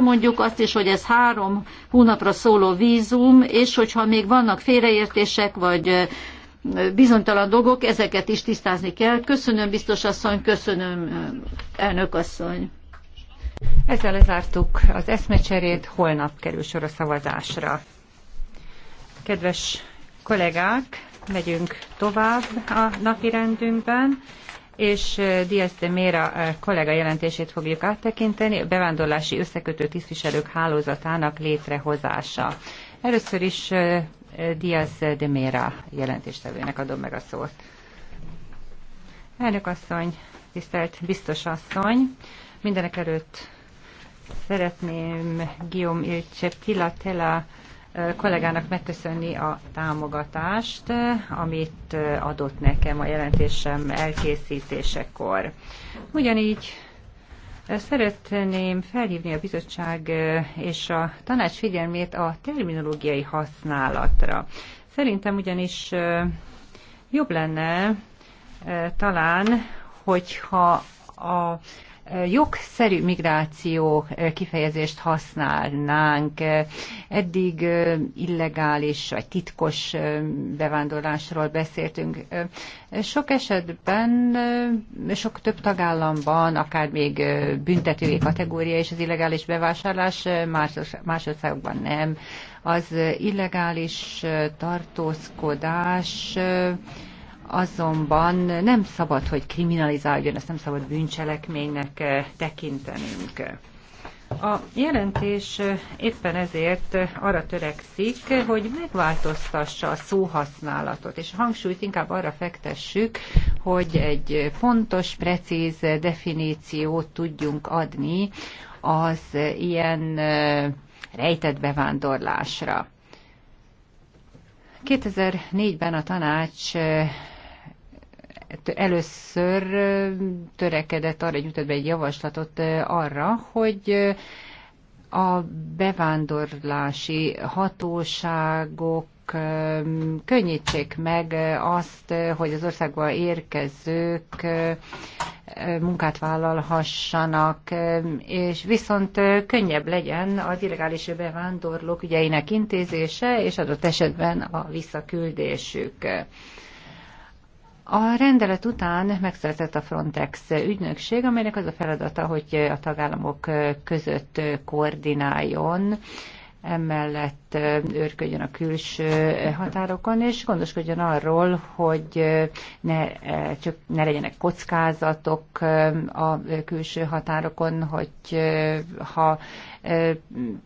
mondjuk azt is, hogy ez három hónapra szóló vízum, és hogyha még vannak félreértések, vagy bizonytalan dolgok, ezeket is tisztázni kell. Köszönöm, biztos asszony, köszönöm, elnök asszony. Ezzel lezártuk az eszmecserét, holnap kerül sor a szavazásra. Kedves kollégák, megyünk tovább a napi rendünkben és Diaz de Mera kollega jelentését fogjuk áttekinteni, a bevándorlási összekötő tisztviselők hálózatának létrehozása. Először is Diaz de Mera jelentéstevőnek adom meg a szót. Elnök asszony, tisztelt biztos asszony, mindenek előtt szeretném Guillaume Ilcse Pilatela kollégának megköszönni a támogatást, amit adott nekem a jelentésem elkészítésekor. Ugyanígy Szeretném felhívni a bizottság és a tanács figyelmét a terminológiai használatra. Szerintem ugyanis jobb lenne eh, talán, hogyha a jogszerű migráció kifejezést használnánk. Eddig illegális vagy titkos bevándorlásról beszéltünk. Sok esetben, sok több tagállamban, akár még büntetői kategória és az illegális bevásárlás, más országokban nem. Az illegális tartózkodás azonban nem szabad, hogy kriminalizáljon, ezt nem szabad bűncselekménynek eh, tekintenünk. A jelentés eh, éppen ezért eh, arra törekszik, hogy megváltoztassa a szóhasználatot, és a hangsúlyt inkább arra fektessük, hogy egy pontos, precíz definíciót tudjunk adni az ilyen rejtett bevándorlásra. 2004-ben a tanács először törekedett arra, nyújtott be egy javaslatot arra, hogy a bevándorlási hatóságok könnyítsék meg azt, hogy az országba érkezők munkát vállalhassanak, és viszont könnyebb legyen az illegális bevándorlók ügyeinek intézése, és adott esetben a visszaküldésük. A rendelet után megszületett a Frontex ügynökség, amelynek az a feladata, hogy a tagállamok között koordináljon, emellett őrködjön a külső határokon, és gondoskodjon arról, hogy ne, csak ne legyenek kockázatok a külső határokon, hogy ha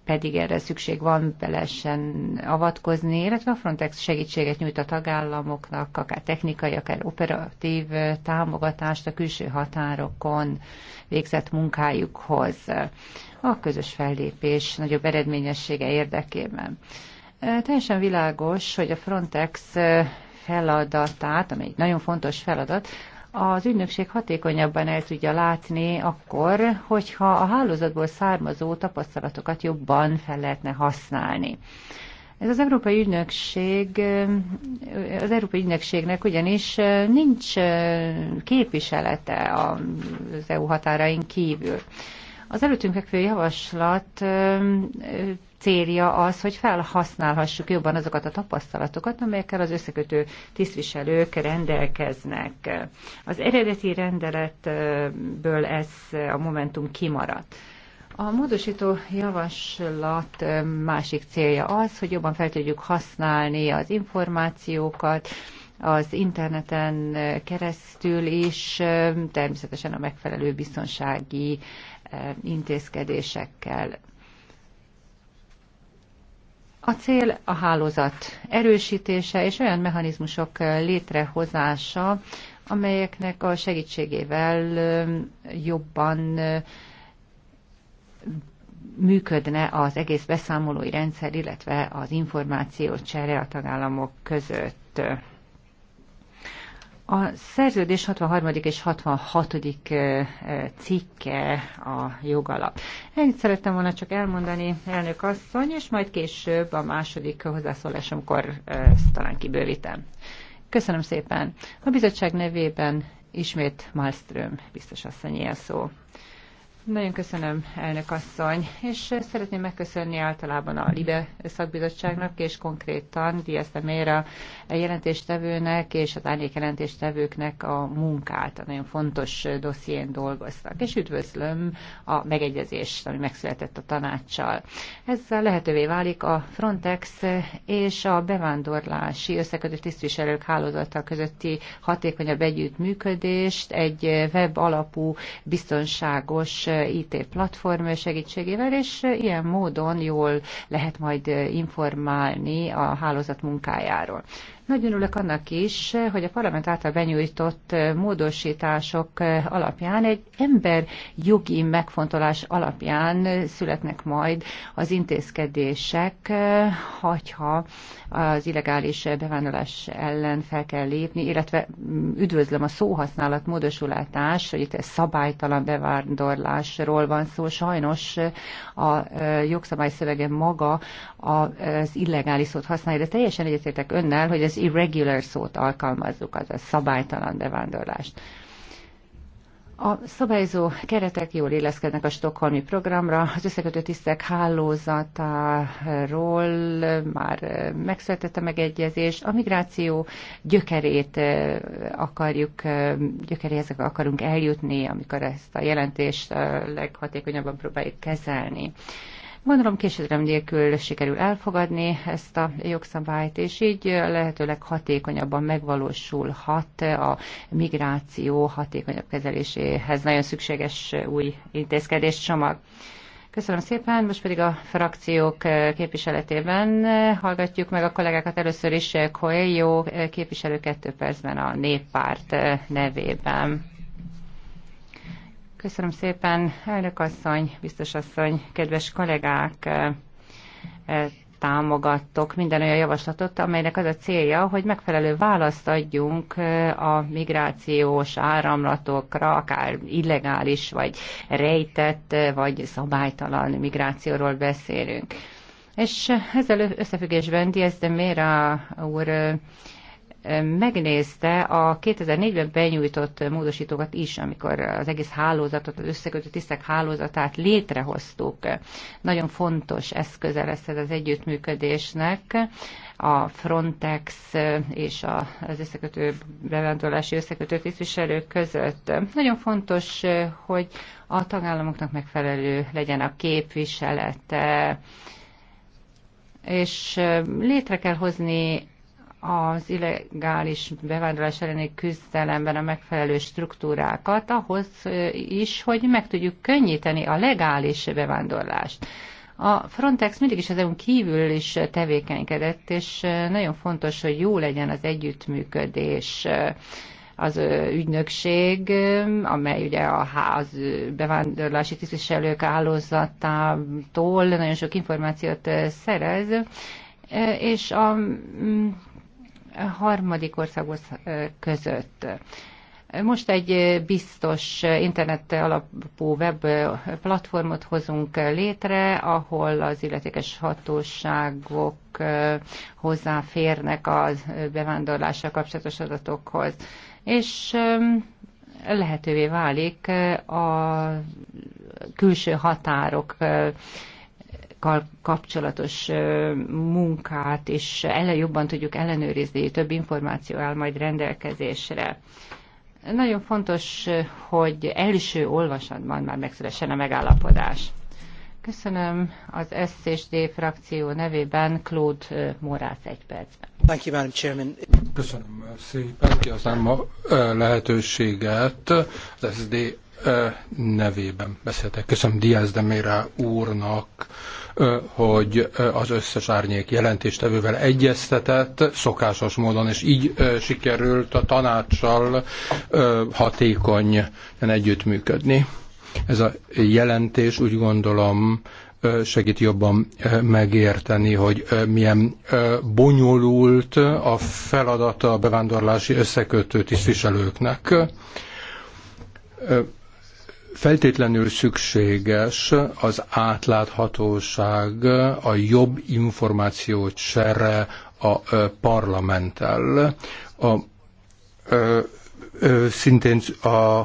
pedig erre szükség van, belesen avatkozni, illetve a Frontex segítséget nyújt a tagállamoknak, akár technikai, akár operatív támogatást a külső határokon végzett munkájukhoz a közös fellépés nagyobb eredményessége érdekében. Teljesen világos, hogy a Frontex feladatát, ami egy nagyon fontos feladat, az ügynökség hatékonyabban el tudja látni akkor, hogyha a hálózatból származó tapasztalatokat jobban fel lehetne használni. Ez az Európai Ügynökség, az Európai Ügynökségnek ugyanis nincs képviselete az EU határain kívül. Az előttünk fekvő javaslat célja az, hogy felhasználhassuk jobban azokat a tapasztalatokat, amelyekkel az összekötő tisztviselők rendelkeznek. Az eredeti rendeletből ez a momentum kimaradt. A módosító javaslat másik célja az, hogy jobban fel tudjuk használni az információkat, az interneten keresztül is, természetesen a megfelelő biztonsági intézkedésekkel. A cél a hálózat erősítése és olyan mechanizmusok létrehozása, amelyeknek a segítségével jobban működne az egész beszámolói rendszer, illetve az információcsere a tagállamok között. A szerződés 63. és 66. cikke a jogalap. Ennyit szerettem volna csak elmondani, elnök asszony, és majd később a második hozzászólásomkor ezt talán kibővítem. Köszönöm szépen. A bizottság nevében ismét Malmström biztos asszonyi a szó. Nagyon köszönöm, elnök asszony, és szeretném megköszönni általában a LIBE szakbizottságnak, és konkrétan Diaz Temére jelentéstevőnek és az árnyék jelentéstevőknek a munkát. A nagyon fontos dosszién dolgoztak, és üdvözlöm a megegyezést, ami megszületett a tanácssal. Ezzel lehetővé válik a Frontex és a bevándorlási összekötő tisztviselők hálózata közötti hatékonyabb együttműködést, egy web alapú biztonságos IT platform segítségével, és ilyen módon jól lehet majd informálni a hálózat munkájáról. Nagyon örülök annak is, hogy a parlament által benyújtott módosítások alapján egy ember jogi megfontolás alapján születnek majd az intézkedések, hogyha az illegális bevándorlás ellen fel kell lépni, illetve üdvözlöm a szóhasználat módosulátás, hogy itt szabálytalan bevándorlásról van szó. Sajnos a jogszabály szövege maga az illegális szót használja, de teljesen egyetértek önnel, hogy az irregular szót alkalmazzuk, azaz szabálytalan bevándorlást. A szabályozó keretek jól illeszkednek a stokholmi programra. Az összekötő tisztek hálózatáról már megszületett a megegyezés. A migráció gyökerét eh, akarjuk, eh, gyökeréhez akarunk eljutni, amikor ezt a jelentést eh, leghatékonyabban próbáljuk kezelni. Gondolom késedelem nélkül sikerül elfogadni ezt a jogszabályt, és így lehetőleg hatékonyabban megvalósulhat a migráció hatékonyabb kezeléséhez nagyon szükséges új intézkedés csomag. Köszönöm szépen, most pedig a frakciók képviseletében hallgatjuk meg a kollégákat először is Coelho képviselő kettő percben a néppárt nevében. Köszönöm szépen, elnök asszony, biztos asszony, kedves kollégák! Eh, eh, támogattok minden olyan javaslatot, amelynek az a célja, hogy megfelelő választ adjunk eh, a migrációs áramlatokra, akár illegális, vagy rejtett, vagy szabálytalan migrációról beszélünk. És ezzel összefüggésben Diaz de Mera úr megnézte a 2004-ben benyújtott módosítókat is, amikor az egész hálózatot, az összekötő tisztek hálózatát létrehoztuk. Nagyon fontos eszköze lesz ez az együttműködésnek a Frontex és az összekötő bevándorlási összekötő tisztviselők között. Nagyon fontos, hogy a tagállamoknak megfelelő legyen a képviselete, és létre kell hozni az illegális bevándorlás elleni küzdelemben a megfelelő struktúrákat ahhoz is, hogy meg tudjuk könnyíteni a legális bevándorlást. A Frontex mindig is az EU-n kívül is tevékenykedett, és nagyon fontos, hogy jó legyen az együttműködés az ügynökség, amely ugye a ház bevándorlási tisztviselők hálózatától nagyon sok információt szerez, és a harmadik országok között. Most egy biztos internet alapú web platformot hozunk létre, ahol az illetékes hatóságok hozzáférnek a bevándorlással kapcsolatos adatokhoz. És lehetővé válik a külső határok kapcsolatos munkát, és ele jobban tudjuk ellenőrizni, több információ áll majd rendelkezésre. Nagyon fontos, hogy első olvasatban már megszülessen a megállapodás. Köszönöm az SZSD frakció nevében Claude Morász egy percben. Thank you, Madam Chairman. Köszönöm szépen, kihasználom a lehetőséget az SZD nevében beszéltek. Köszönöm Diaz de Mera úrnak, hogy az összes árnyék jelentéstevővel egyeztetett szokásos módon, és így sikerült a tanácssal hatékonyan együttműködni. Ez a jelentés úgy gondolom segít jobban megérteni, hogy milyen bonyolult a feladata a bevándorlási összekötő tisztviselőknek feltétlenül szükséges az átláthatóság, a jobb információt csere a parlamenttel. A, ö, szintén a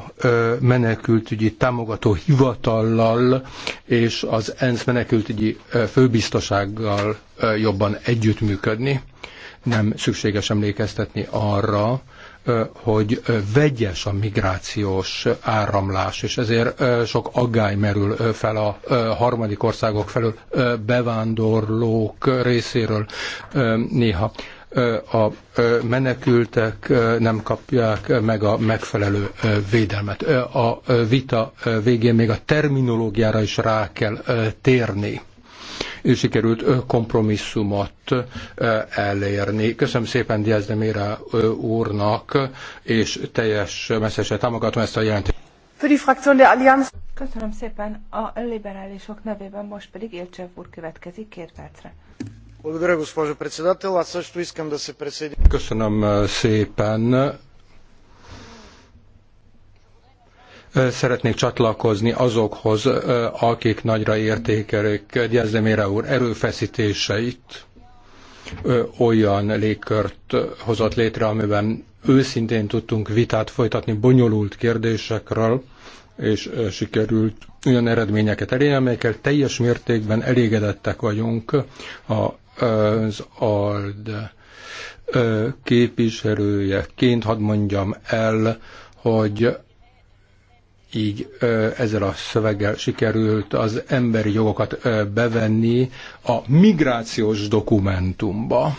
menekültügyi támogató hivatallal és az ENSZ menekültügyi főbiztosággal jobban együttműködni. Nem szükséges emlékeztetni arra, hogy vegyes a migrációs áramlás, és ezért sok aggály merül fel a harmadik országok felől bevándorlók részéről néha a menekültek nem kapják meg a megfelelő védelmet. A vita végén még a terminológiára is rá kell térni sikerült kompromisszumot elérni. Köszönöm szépen Diaz de Mira úrnak, és teljes messzesen támogatom ezt a jelentést. Für Köszönöm szépen. A liberálisok nevében most pedig Ilcsev úr következik két percre. Köszönöm szépen szeretnék csatlakozni azokhoz, akik nagyra értékelik Gyezlemére úr erőfeszítéseit, olyan légkört hozott létre, amiben őszintén tudtunk vitát folytatni bonyolult kérdésekről, és sikerült olyan eredményeket elérni, amelyekkel teljes mértékben elégedettek vagyunk az ALD képviselőjeként, hadd mondjam el, hogy így ezzel a szöveggel sikerült az emberi jogokat bevenni a migrációs dokumentumba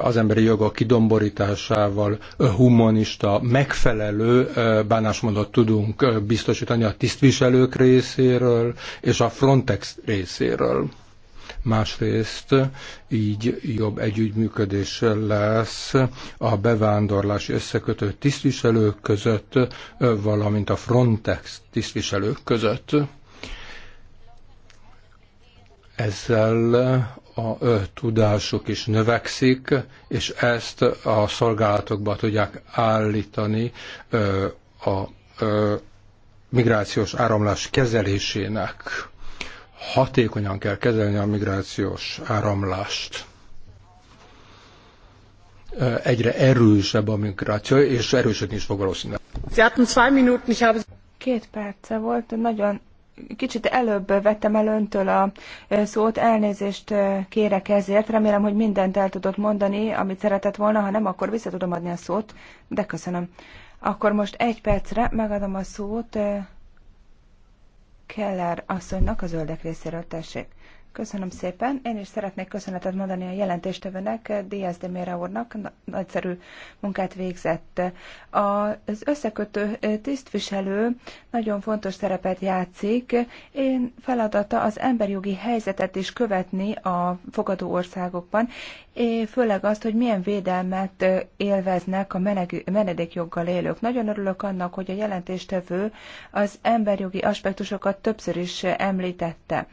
az emberi jogok kidomborításával humanista, megfelelő bánásmódot tudunk biztosítani a tisztviselők részéről és a Frontex részéről Másrészt így jobb együttműködés lesz a bevándorlási összekötő tisztviselők között, valamint a Frontex tisztviselők között. Ezzel a tudásuk is növekszik, és ezt a szolgálatokba tudják állítani a migrációs áramlás kezelésének hatékonyan kell kezelni a migrációs áramlást. Egyre erősebb a migráció, és erősödni is fog valószínűleg. Két perce volt, nagyon kicsit előbb vettem el öntől a szót, elnézést kérek ezért, remélem, hogy mindent el tudott mondani, amit szeretett volna, ha nem, akkor vissza tudom adni a szót, de köszönöm. Akkor most egy percre megadom a szót Keller asszonynak a zöldek részéről tessék. Köszönöm szépen. Én is szeretnék köszönetet mondani a jelentéstevőnek, Díaz de Mera úrnak, nagyszerű munkát végzett. Az összekötő tisztviselő nagyon fontos szerepet játszik. Én feladata az emberjogi helyzetet is követni a fogadó országokban, főleg azt, hogy milyen védelmet élveznek a menedékjoggal élők. Nagyon örülök annak, hogy a jelentéstevő az emberjogi aspektusokat többször is említette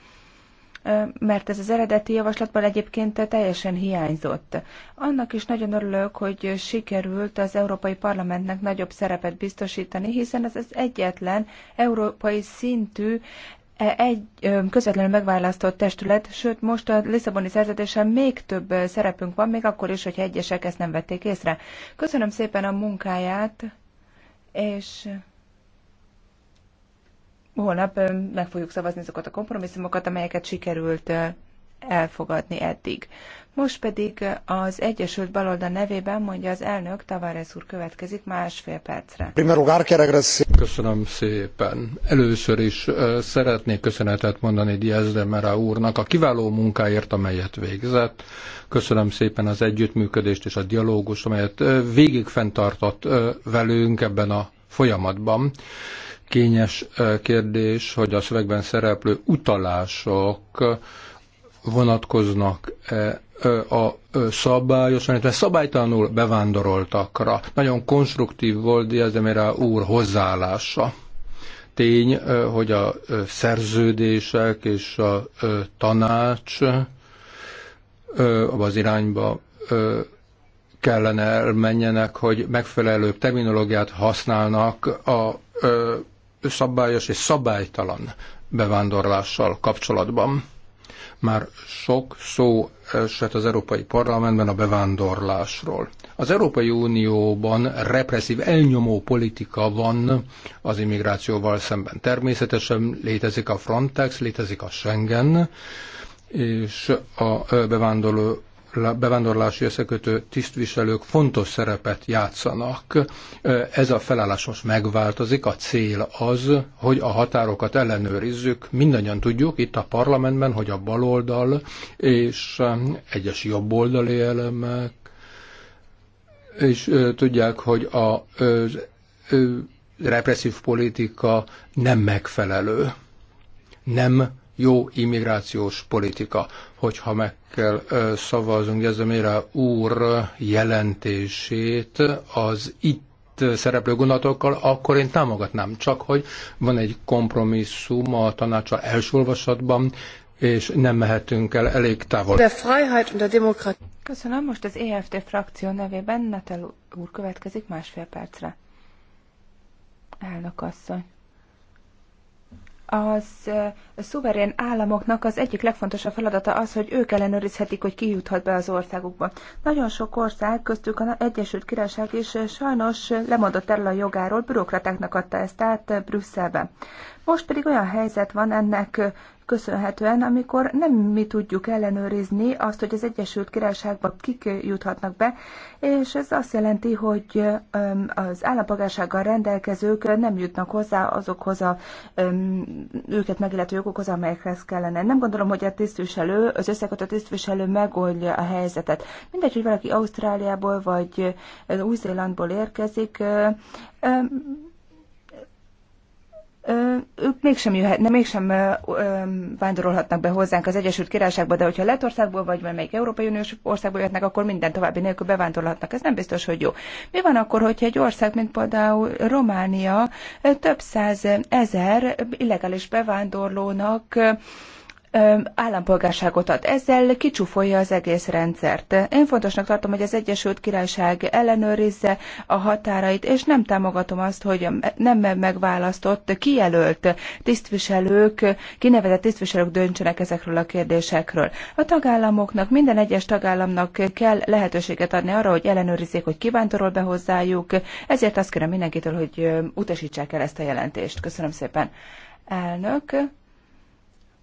mert ez az eredeti javaslatban egyébként teljesen hiányzott. Annak is nagyon örülök, hogy sikerült az Európai Parlamentnek nagyobb szerepet biztosítani, hiszen ez az egyetlen európai szintű e, egy közvetlenül megválasztott testület, sőt most a Lisszaboni szerződésen még több szerepünk van, még akkor is, hogyha egyesek ezt nem vették észre. Köszönöm szépen a munkáját, és holnap meg fogjuk szavazni azokat a kompromisszumokat, amelyeket sikerült elfogadni eddig. Most pedig az Egyesült Baloldal nevében mondja az elnök, Tavares úr következik másfél percre. Köszönöm szépen. Először is szeretnék köszönetet mondani Diaz de Mera úrnak a kiváló munkáért, amelyet végzett. Köszönöm szépen az együttműködést és a dialógust, amelyet végig fenntartott velünk ebben a folyamatban kényes kérdés, hogy a szövegben szereplő utalások vonatkoznak -e a szabályos, mert szabálytalanul bevándoroltakra. Nagyon konstruktív volt Diaz de úr hozzáállása. Tény, hogy a szerződések és a tanács az irányba kellene elmenjenek, hogy megfelelő terminológiát használnak a szabályos és szabálytalan bevándorlással kapcsolatban. Már sok szó esett az Európai Parlamentben a bevándorlásról. Az Európai Unióban represszív elnyomó politika van az immigrációval szemben. Természetesen létezik a Frontex, létezik a Schengen, és a bevándorló bevándorlási összekötő tisztviselők fontos szerepet játszanak. Ez a felállás most megváltozik. A cél az, hogy a határokat ellenőrizzük. Mindannyian tudjuk itt a parlamentben, hogy a baloldal és um, egyes jobboldali elemek és tudják, hogy a represszív politika nem megfelelő. Nem jó immigrációs politika. Hogyha meg kell szavazunk Jezemére úr jelentését az itt szereplő gondolatokkal, akkor én támogatnám. Csak, hogy van egy kompromisszum a tanácsa első olvasatban, és nem mehetünk el elég távol. De Freiheit und der Köszönöm, most az EFT frakció nevében Natal úr következik másfél percre. Elnök asszony az szuverén államoknak az egyik legfontosabb feladata az, hogy ők ellenőrizhetik, hogy ki juthat be az országukba. Nagyon sok ország, köztük az Egyesült Királyság is sajnos lemondott erről a jogáról, bürokratáknak adta ezt át Brüsszelbe. Most pedig olyan helyzet van ennek köszönhetően, amikor nem mi tudjuk ellenőrizni azt, hogy az Egyesült Királyságba kik juthatnak be, és ez azt jelenti, hogy az állampolgársággal rendelkezők nem jutnak hozzá azokhoz a őket megillető jogokhoz, amelyekhez kellene. Nem gondolom, hogy a tisztviselő, az összekötött tisztviselő megoldja a helyzetet. Mindegy, hogy valaki Ausztráliából vagy Új-Zélandból érkezik, ők mégsem jöhetne, mégsem vándorolhatnak be hozzánk az Egyesült Királyságba, de hogyha Letországból vagy valamelyik Európai Uniós országból jöhetnek, akkor minden további nélkül bevándorolhatnak. Ez nem biztos, hogy jó. Mi van akkor, hogyha egy ország, mint például Románia, több száz ezer illegális bevándorlónak állampolgárságot ad. Ezzel kicsúfolja az egész rendszert. Én fontosnak tartom, hogy az Egyesült Királyság ellenőrizze a határait, és nem támogatom azt, hogy nem megválasztott, kijelölt tisztviselők, kinevezett tisztviselők döntsenek ezekről a kérdésekről. A tagállamoknak, minden egyes tagállamnak kell lehetőséget adni arra, hogy ellenőrizzék, hogy kívántorol be hozzájuk. Ezért azt kérem mindenkitől, hogy utasítsák el ezt a jelentést. Köszönöm szépen. Elnök.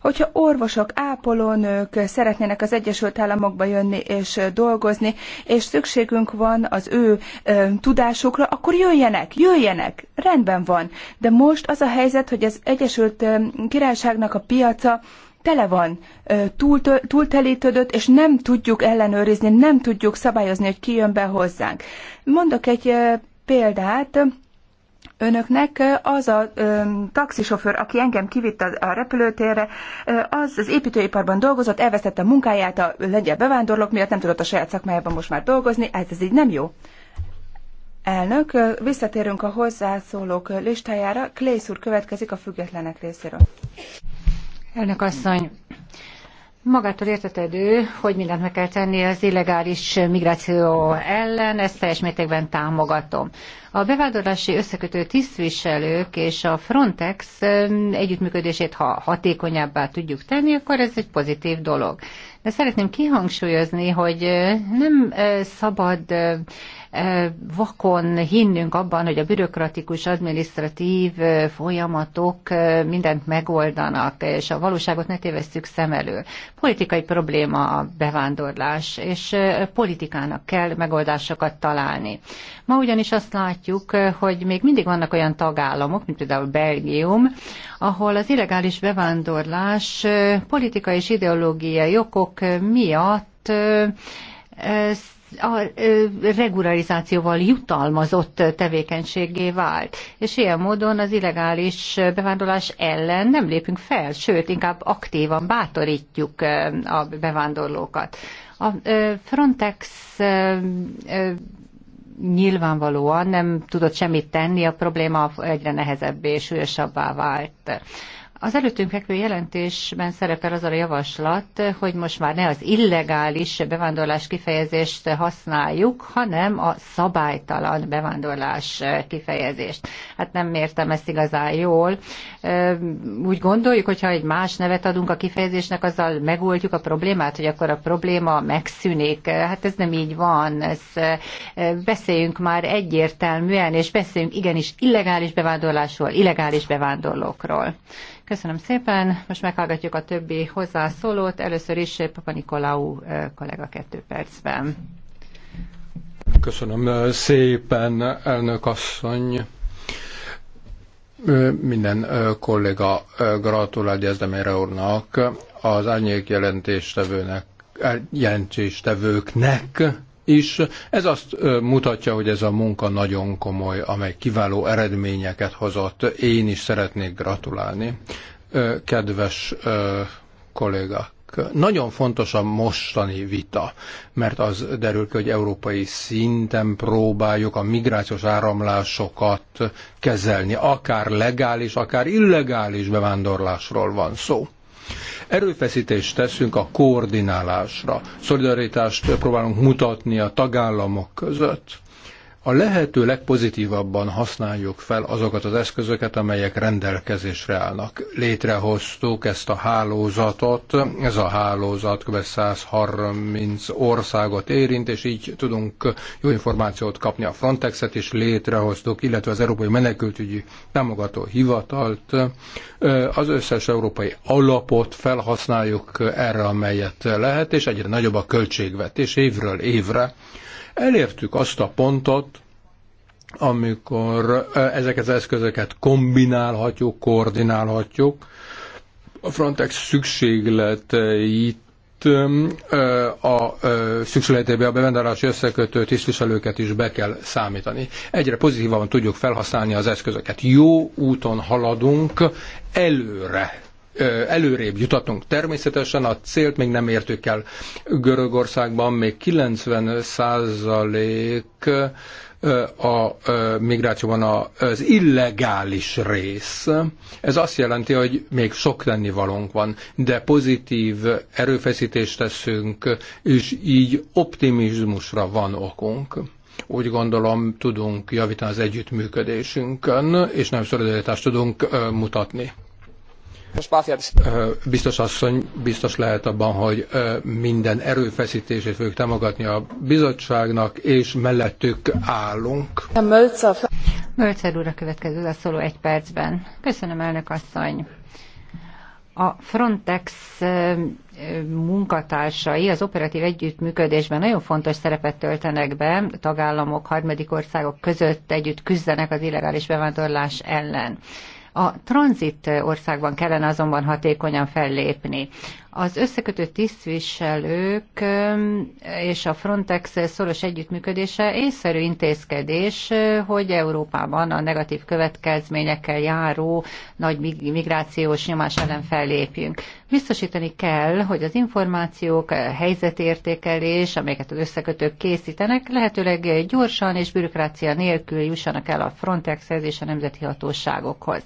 Hogyha orvosok, ápolónők szeretnének az Egyesült Államokba jönni és dolgozni, és szükségünk van az ő ö, tudásukra, akkor jöjjenek, jöjjenek, rendben van. De most az a helyzet, hogy az Egyesült Királyságnak a piaca tele van, túltelítődött, és nem tudjuk ellenőrizni, nem tudjuk szabályozni, hogy ki jön be hozzánk. Mondok egy példát, önöknek, az a taxisofőr, aki engem kivitt a repülőtérre, az az építőiparban dolgozott, elvesztette a munkáját a lengyel bevándorlók miatt, nem tudott a saját szakmájában most már dolgozni, ez, ez így nem jó. Elnök, visszatérünk a hozzászólók listájára. Klész úr következik a függetlenek részéről. Elnök asszony, Magától értetedő, hogy mindent meg kell tenni az illegális migráció ellen, ezt teljes mértékben támogatom. A bevándorlási összekötő tisztviselők és a Frontex együttműködését, ha hatékonyabbá tudjuk tenni, akkor ez egy pozitív dolog. De szeretném kihangsúlyozni, hogy nem szabad vakon hinnünk abban, hogy a bürokratikus, administratív folyamatok mindent megoldanak, és a valóságot ne tévesszük szem elől. Politikai probléma a bevándorlás, és politikának kell megoldásokat találni. Ma ugyanis azt látjuk, hogy még mindig vannak olyan tagállamok, mint például Belgium, ahol az illegális bevándorlás politikai és ideológiai okok miatt a regularizációval jutalmazott tevékenységé vált. És ilyen módon az illegális bevándorlás ellen nem lépünk fel, sőt, inkább aktívan bátorítjuk a bevándorlókat. A Frontex nyilvánvalóan nem tudott semmit tenni, a probléma egyre nehezebbé és súlyosabbá vált. Az előttünk fekvő jelentésben szerepel az a javaslat, hogy most már ne az illegális bevándorlás kifejezést használjuk, hanem a szabálytalan bevándorlás kifejezést. Hát nem értem ezt igazán jól. Úgy gondoljuk, hogyha egy más nevet adunk a kifejezésnek, azzal megoldjuk a problémát, hogy akkor a probléma megszűnik. Hát ez nem így van. Ezt beszéljünk már egyértelműen, és beszéljünk igenis illegális bevándorlásról, illegális bevándorlókról. Köszönöm szépen. Most meghallgatjuk a többi hozzászólót. Először is Papa Nikolaou eh, kollega kettő percben. Köszönöm eh, szépen, elnök asszony. Eh, minden kolléga gratulál Gyezdemére úrnak, az árnyék jelentéstevőnek, jelentéstevőknek, is. Ez azt mutatja, hogy ez a munka nagyon komoly, amely kiváló eredményeket hozott. Én is szeretnék gratulálni, kedves kolléga. Nagyon fontos a mostani vita, mert az derül ki, hogy európai szinten próbáljuk a migrációs áramlásokat kezelni, akár legális, akár illegális bevándorlásról van szó Erőfeszítést teszünk a koordinálásra. Szolidaritást próbálunk mutatni a tagállamok között a lehető legpozitívabban használjuk fel azokat az eszközöket, amelyek rendelkezésre állnak. Létrehoztuk ezt a hálózatot, ez a hálózat kb. 130 országot érint, és így tudunk jó információt kapni a Frontexet, és létrehoztuk, illetve az Európai Menekültügyi Támogató Hivatalt. Az összes európai alapot felhasználjuk erre, amelyet lehet, és egyre nagyobb a költségvetés évről évre Elértük azt a pontot, amikor ezeket az eszközöket kombinálhatjuk, koordinálhatjuk. A Frontex szükségleteit a szükségletébe a bevendárási összekötő tisztviselőket is be kell számítani. Egyre pozitívan tudjuk felhasználni az eszközöket. Jó úton haladunk előre előrébb jutatunk. Természetesen a célt még nem értük el. Görögországban még 90 százalék a migrációban az illegális rész. Ez azt jelenti, hogy még sok tennivalónk van, de pozitív erőfeszítést teszünk, és így optimizmusra van okunk. Úgy gondolom, tudunk javítani az együttműködésünkön, és nem szolidaritást tudunk mutatni. Biztos asszony biztos lehet abban, hogy minden erőfeszítését fogjuk támogatni a bizottságnak, és mellettük állunk. Mölcer úr a következő a szóló egy percben. Köszönöm, elnök asszony. A Frontex munkatársai az operatív együttműködésben nagyon fontos szerepet töltenek be, tagállamok, harmadik országok között együtt küzdenek az illegális bevándorlás ellen. A tranzit országban kellene azonban hatékonyan fellépni. Az összekötő tisztviselők és a Frontex szoros együttműködése észszerű intézkedés, hogy Európában a negatív következményekkel járó nagy migrációs nyomás ellen fellépjünk. Biztosítani kell, hogy az információk, helyzetértékelés, amelyeket az összekötők készítenek, lehetőleg gyorsan és bürokrácia nélkül jussanak el a Frontexhez és a nemzeti hatóságokhoz.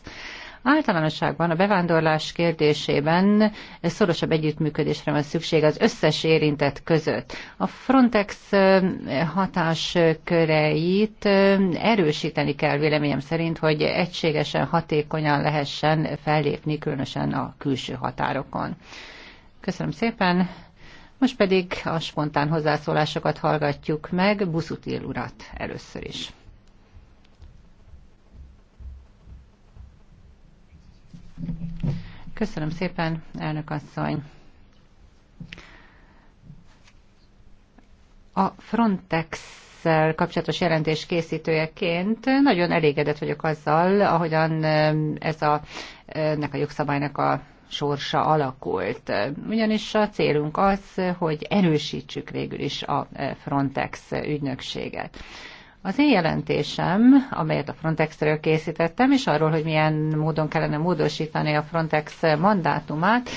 Általánosságban a bevándorlás kérdésében szorosabb együttműködésre van szükség az összes érintett között. A Frontex eh, hatásköreit eh, erősíteni kell véleményem szerint, hogy egységesen, hatékonyan lehessen fellépni, különösen a külső határokon. Köszönöm szépen! Most pedig a spontán hozzászólásokat hallgatjuk meg, Buszutil urat először is. Köszönöm szépen, elnök asszony. A Frontex kapcsolatos jelentés készítőjeként nagyon elégedett vagyok azzal, ahogyan ez a, ennek a jogszabálynak a sorsa alakult. Ugyanis a célunk az, hogy erősítsük végül is a Frontex ügynökséget. Az én jelentésem, amelyet a Frontexről készítettem, és arról, hogy milyen módon kellene módosítani a Frontex mandátumát,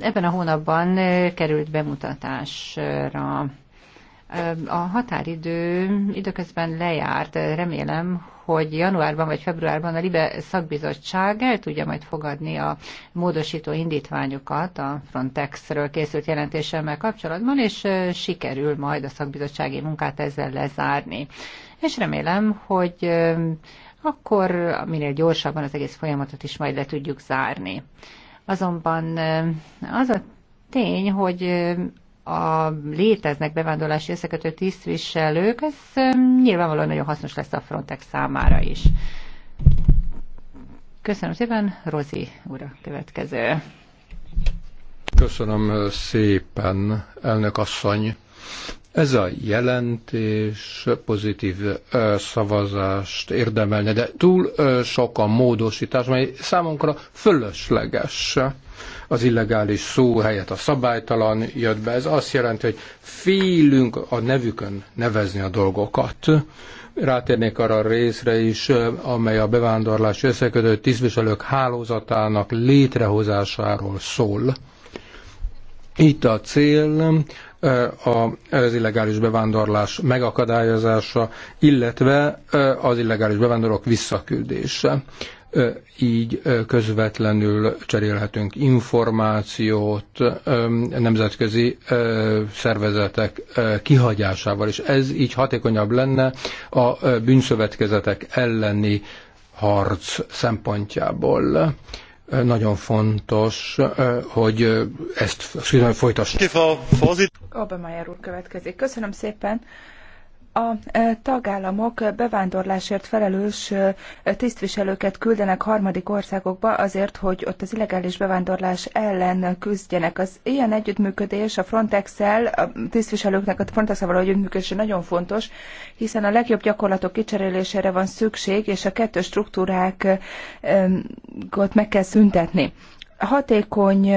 ebben a hónapban került bemutatásra. A határidő időközben lejárt, remélem, hogy januárban vagy februárban a Libe szakbizottság el tudja majd fogadni a módosító indítványokat a Frontexről készült jelentésemmel kapcsolatban, és sikerül majd a szakbizottsági munkát ezzel lezárni. És remélem, hogy akkor minél gyorsabban az egész folyamatot is majd le tudjuk zárni. Azonban az a tény, hogy a léteznek bevándorlási összekötő tisztviselők, ez um, nyilvánvalóan nagyon hasznos lesz a Frontex számára is. Köszönöm szépen, Rozi úr a következő. Köszönöm szépen, elnök asszony. Ez a jelentés pozitív szavazást érdemelne, de túl sok a módosítás, mely számunkra fölösleges az illegális szó helyett a szabálytalan jött be. Ez azt jelenti, hogy félünk a nevükön nevezni a dolgokat. Rátérnék arra a részre is, amely a bevándorlás összekötő tisztviselők hálózatának létrehozásáról szól. Itt a cél az illegális bevándorlás megakadályozása, illetve az illegális bevándorlók visszaküldése így közvetlenül cserélhetünk információt nemzetközi szervezetek kihagyásával, és ez így hatékonyabb lenne a bűnszövetkezetek elleni harc szempontjából. Nagyon fontos, hogy ezt folytassuk. Obermeyer úr következik. Köszönöm szépen a e, tagállamok bevándorlásért felelős e, tisztviselőket küldenek harmadik országokba azért, hogy ott az illegális bevándorlás ellen küzdjenek. Az ilyen együttműködés a Frontex-el, a tisztviselőknek a frontex való együttműködés nagyon fontos, hiszen a legjobb gyakorlatok kicserélésére van szükség, és a kettő struktúrákat e, meg kell szüntetni. Hatékony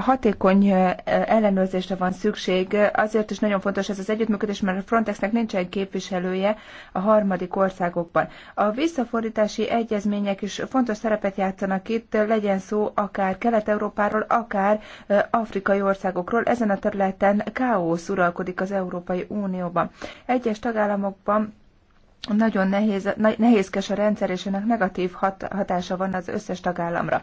hatékony ellenőrzésre van szükség, azért is nagyon fontos ez az együttműködés, mert a Frontexnek nincs egy képviselője a harmadik országokban. A visszafordítási egyezmények is fontos szerepet játszanak itt, legyen szó akár Kelet-Európáról, akár afrikai országokról. Ezen a területen káosz uralkodik az Európai Unióban. Egyes tagállamokban nagyon nehéz, nehézkes a rendszer, és ennek negatív hat, hatása van az összes tagállamra.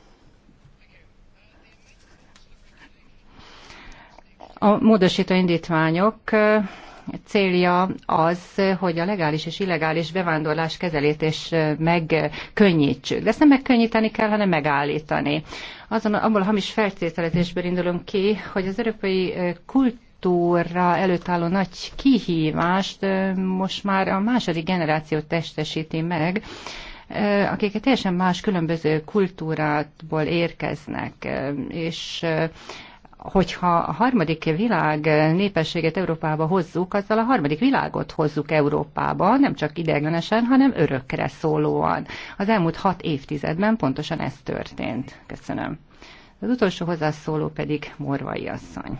A módosító indítványok célja az, hogy a legális és illegális bevándorlás kezelét és megkönnyítsük. De ezt nem megkönnyíteni kell, hanem megállítani. Azon, abból a hamis feltételezésből indulunk ki, hogy az európai kult kultúra előtt álló nagy kihívást most már a második generáció testesíti meg, akik teljesen más különböző kultúrából érkeznek, és hogyha a harmadik világ népességet Európába hozzuk, azzal a harmadik világot hozzuk Európába, nem csak ideiglenesen, hanem örökre szólóan. Az elmúlt hat évtizedben pontosan ez történt. Köszönöm. Az utolsó hozzászóló pedig Morvai asszony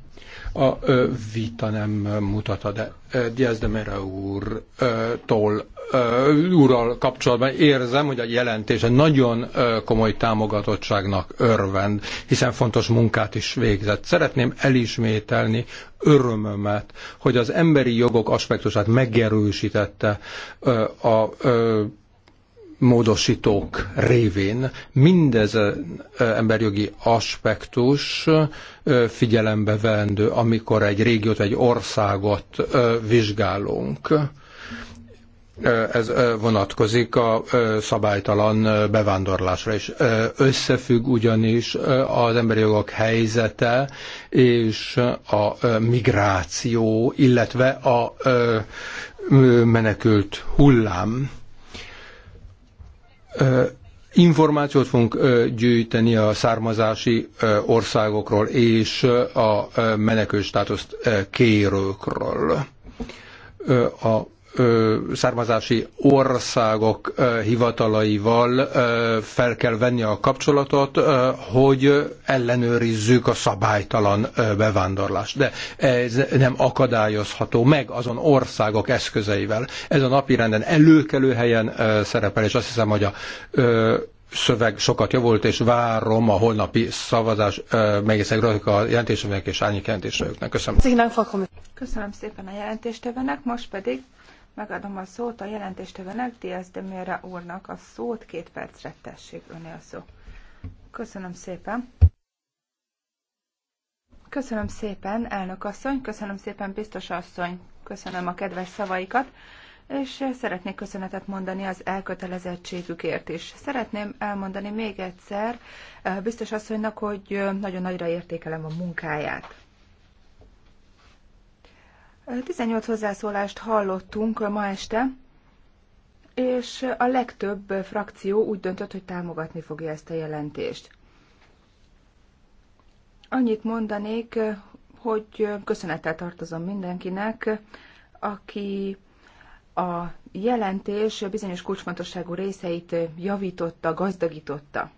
A vita nem mutata, de Diaz de Mera úrtól úrral kapcsolatban érzem, hogy a jelentése nagyon komoly támogatottságnak örvend, hiszen fontos munkát is végzett. Szeretném elismételni örömömet, hogy az emberi jogok aspektusát megerősítette a módosítók révén mindezen emberjogi aspektus figyelembe vendő, amikor egy régiót, egy országot vizsgálunk. Ez vonatkozik a szabálytalan bevándorlásra is. Összefügg ugyanis az emberi jogok helyzete és a migráció, illetve a menekült hullám információt fogunk gyűjteni a származási országokról és a menekül státuszt kérőkről. A származási országok hivatalaival fel kell venni a kapcsolatot, hogy ellenőrizzük a szabálytalan bevándorlást. De ez nem akadályozható meg azon országok eszközeivel. Ez a napirenden előkelő helyen szerepel, és azt hiszem, hogy a szöveg sokat javult, és várom a holnapi szavazás megiszeg a jelentésemnek és árnyék jelentéseiknek. Köszönöm. Köszönöm szépen a jelentéstevenek, most pedig Megadom a szót a jelentéstevőnek, Diaz de Mera úrnak a szót, két percre tessék önél szó. Köszönöm szépen. Köszönöm szépen, elnök asszony, köszönöm szépen, biztos asszony, köszönöm a kedves szavaikat, és szeretnék köszönetet mondani az elkötelezettségükért is. Szeretném elmondani még egyszer eh, biztos asszonynak, hogy eh, nagyon nagyra értékelem a munkáját. 18 hozzászólást hallottunk ma este, és a legtöbb frakció úgy döntött, hogy támogatni fogja ezt a jelentést. Annyit mondanék, hogy köszönettel tartozom mindenkinek, aki a jelentés bizonyos kulcsfontosságú részeit javította, gazdagította.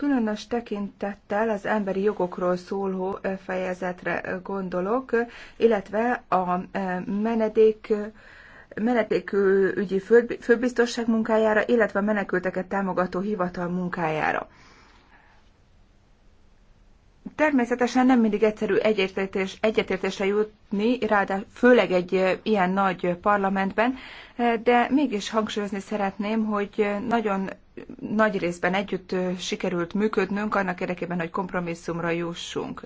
Különös tekintettel az emberi jogokról szóló fejezetre gondolok, illetve a menedék menedékügyi főbiztosság munkájára, illetve a menekülteket támogató hivatal munkájára. Természetesen nem mindig egyszerű egyetértés, egyetértésre jutni, ráadásul főleg egy eh, ilyen nagy parlamentben, eh, de mégis hangsúlyozni szeretném, hogy nagyon nagy részben együtt eh, sikerült működnünk annak érdekében, hogy kompromisszumra jussunk.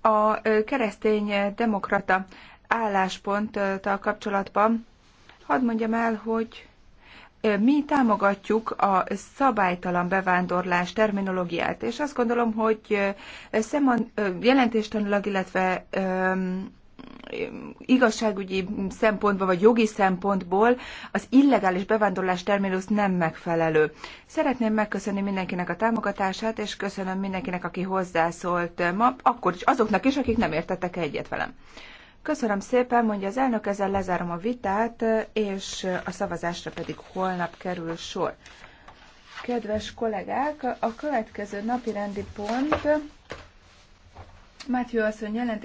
A keresztény demokrata állásponttal kapcsolatban hadd mondjam el, hogy mi támogatjuk a szabálytalan bevándorlás terminológiát, és azt gondolom, hogy szeman, jelentéstanilag, illetve igazságügyi szempontból vagy jogi szempontból az illegális bevándorlás terminus nem megfelelő. Szeretném megköszönni mindenkinek a támogatását, és köszönöm mindenkinek, aki hozzászólt ma, akkor is azoknak is, akik nem értettek egyet velem. Köszönöm szépen, mondja az elnök, ezzel lezárom a vitát, és a szavazásra pedig holnap kerül sor. Kedves kollégák, a következő napi rendi pont Matthew asszony jelentés.